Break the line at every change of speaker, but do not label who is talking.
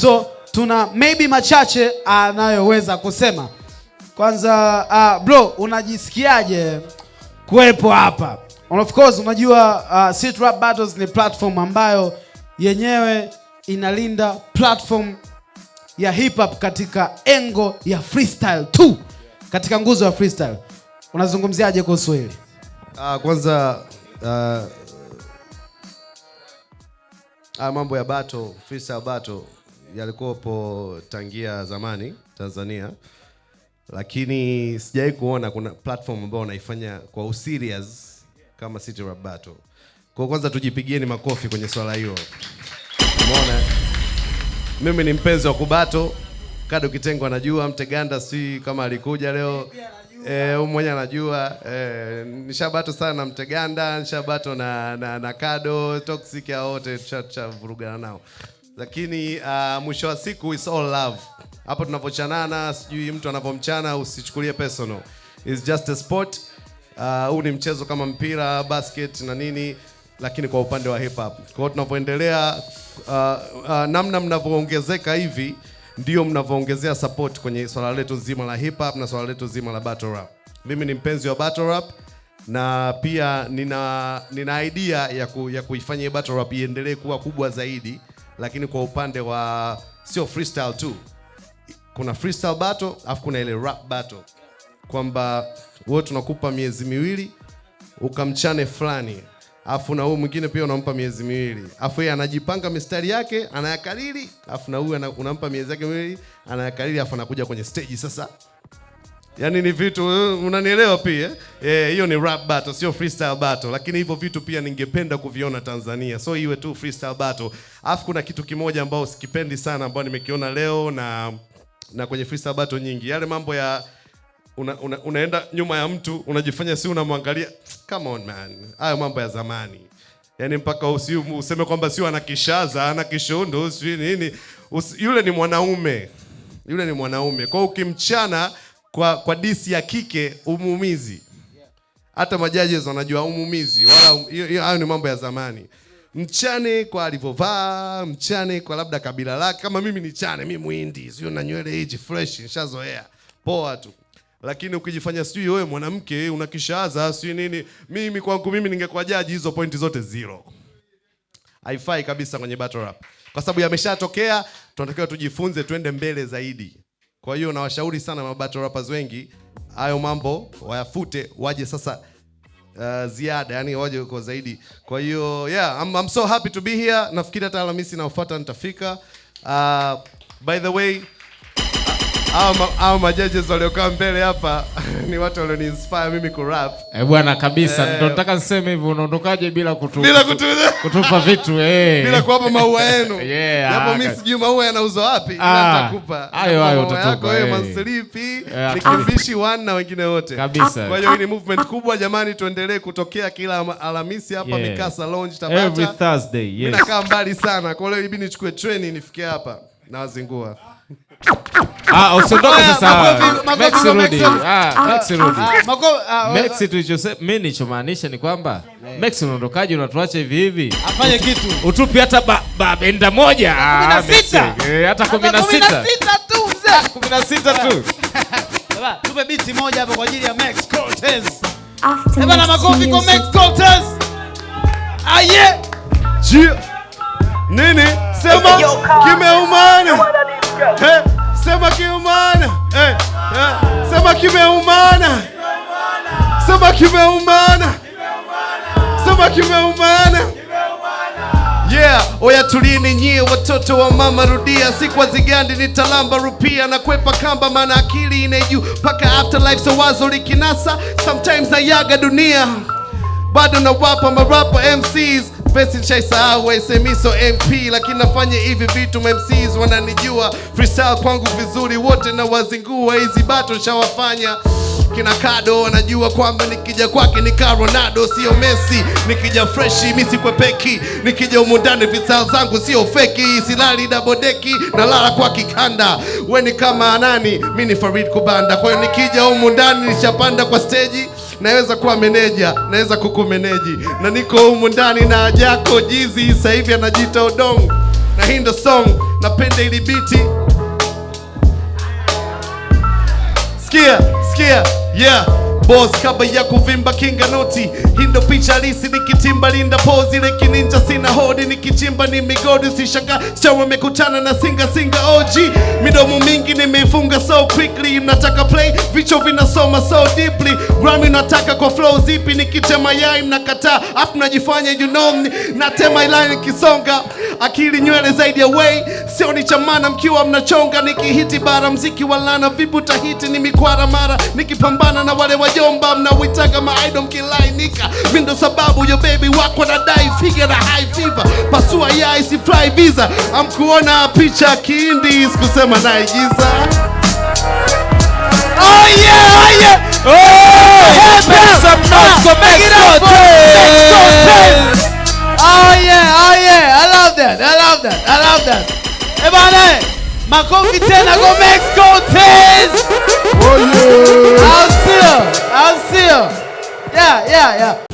So tuna maybe machache anayoweza kusema. Kwanza uh, bro unajisikiaje kuwepo hapa? And of course unajua uh, ah, City Rap Battles ni platform ambayo yenyewe inalinda platform ya hip hop katika engo ya freestyle tu, katika nguzo ya freestyle. Unazungumziaje kuhusu hili?
Uh, kwanza uh, uh, mambo ya battle freestyle battle yalikuwepo tangia zamani Tanzania, lakini sijawahi kuona kuna platform ambayo wanaifanya kwa userious kama City Rap Battle. Kwa kwanza tujipigieni makofi kwenye swala hilo. Umeona? Mimi ni mpenzi wa kubato. Kado Kitengo anajua, Mteganda si kama alikuja leo. Eh, mwenye anajua eh, nishabato sana na Mteganda, nishabato na, na, na Kado Toxic, ya wote tushavurugana nao lakini uh, mwisho wa siku it's all love. Hapo tunapochanana, sijui mtu anapomchana, usichukulie personal, it's just a sport. Ah, huu uh, ni mchezo kama mpira, basket na nini, lakini kwa upande wa hip hop. Kwa hiyo tunavyoendelea, uh, uh, namna mnavyoongezeka hivi ndio mnavyoongezea support kwenye swala letu zima la hip hop na swala letu zima la battle rap. Mimi ni mpenzi wa battle rap na pia nina nina idea ya, ku, ya kuifanya battle rap iendelee kuwa kubwa zaidi lakini kwa upande wa sio freestyle tu, kuna freestyle battle afu kuna ile rap battle, kwamba wewe tunakupa miezi miwili ukamchane fulani, afu na huyu mwingine pia unampa miezi miwili, alafu yeye anajipanga mistari yake anayakalili afu na huyu unampa miezi yake miwili anayakalili alafu anakuja kwenye stage sasa Yaani ni vitu eh, unanielewa pia. Eh, hiyo ni rap battle, sio freestyle battle, lakini hivyo vitu pia ningependa kuviona Tanzania. So iwe tu freestyle battle. afu kuna kitu kimoja ambao sikipendi sana ambao nimekiona leo na na kwenye freestyle battle nyingi. Yale mambo ya una, una, unaenda nyuma ya mtu, unajifanya si unamwangalia. Come on man. Hayo mambo ya zamani. Yaani mpaka usi, useme kwamba sio ana kishaza ana anakishondo, sio nini. Usi, yule ni mwanaume. Yule ni mwanaume. Kwa ukimchana kwa, kwa disi ya kike umumizi Hata majaji wanajua umumizi wala hiyo hayo ni mambo ya zamani. Mchane kwa alivyovaa, mchane kwa labda kabila lake. Kama mimi ni chane, mimi Muhindi, sio na nywele hizi fresh, nishazoea poa tu lakini ukijifanya sijui wewe mwanamke unakishaza sijui nini, mimi kwangu mimi ningekuwa jaji, hizo pointi zote zero, haifai kabisa kwenye battle rap, kwa sababu yameshatokea. Tunatakiwa tujifunze, tuende mbele zaidi. Kwa hiyo nawashauri sana mabato rappers wengi hayo mambo wayafute, waje sasa uh, ziada yani waje kwa zaidi. Kwa hiyo yeah, I'm, I'm so happy to be here. Nafikiri hata Alhamisi naofata nitafika. Uh, by the way au majaji waliokaa mbele hapa ni watu walioni inspire mimi ku rap.
Eh, bwana kabisa. Eh. Ndio nataka niseme hivyo, unaondokaje bila kutu bila kutu kutupa vitu eh.
Bila kuwapa maua yenu. Yeah. Hapo mimi sijui maua yanauzwa wapi. Ah, nitakupa.
Hayo hayo utatupa. Wewe eh.
Mansilipi, eh, nikibishi one na wengine wote. Kabisa. Kwa hiyo hii ni ah, ah, movement kubwa jamani, tuendelee kutokea kila Alhamisi hapa Mikasa Lounge Tabata.
Every Thursday. Yes. Mimi
nakaa mbali sana. Kwa hiyo ibidi nichukue treni nifikie hapa. Nawazingua.
Usiondoke ah, oh, sasa. Ah, ah, Mimi ni kwamba Max unaondokaje? Unatuacha hivi hivi, afanye kitu, utupi hata moja, eh, hata tu mzee, tu.
Tupe biti moja hapo kwa ajili ya Max Cortez. Eh, makofi kwa Max Cortez. Aye. Nini? Sema. kimeumana, sema kimeumana, sema kimeumana. Yeah, oya tulini nyie watoto wa mama rudia, siku ni nitalamba rupia na kwepa kamba, maana akili ineju juu mpaka afterlife, so wazo likinasa sometimes nayaga dunia, bado nawapa marapa MCs Pesi nishaisahau semiso MP, lakini nafanya hivi vitu MCs wananijua, freestyle kwangu vizuri, wote na wazingua, hizi bato nshawafanya kina kado anajua kwamba nikija kwake nika Ronaldo sio Messi, nikija freshi mi sikwepeki, nikija humu ndani visa zangu sio feki, silali dabodeki na lala kwa kikanda, we ni kama anani, mi ni Farid Kubanda. Kwa hiyo nikija humu ndani nishapanda kwa steji naweza kuwa meneja, naweza kukumeneji na niko humu ndani na Ajako Jizi sasa hivi anajita Odong na hii ndo song napenda, ili biti sikia sikia, yeah boss kaba ya kuvimba kinga noti hindo picha lisi nikitimba linda pozi ile kininja sina hodi nikichimba ni migodi usishanga chawa mekutana na singa singa OG midomo mingi nimeifunga so quickly mnataka play vicho vinasoma so deeply Grammy nataka kwa flow zipi nikitema yai mnakataa afu mnajifanya you know me, natema line kisonga akili nywele zaidi ya way sio ni chamana mkiwa mnachonga nikihiti bara mziki walana vipu tahiti ni mikwara mara nikipambana na wale wajo mjomba mnawitaka maidom kilainika, mi ndo sababu yo baby wako na nadai figa na high fever, pasua ya isi fly visa, amkuona picha kihindi sikusema naigiza. Oh yeah, oh yeah. Oh, hey, make ah,
some noise for
Mexico. Oh yeah, oh yeah. I love that. I love that. I love that. Ebane. Makofi tena I'll see you. I'll see you. Yeah, yeah, yeah.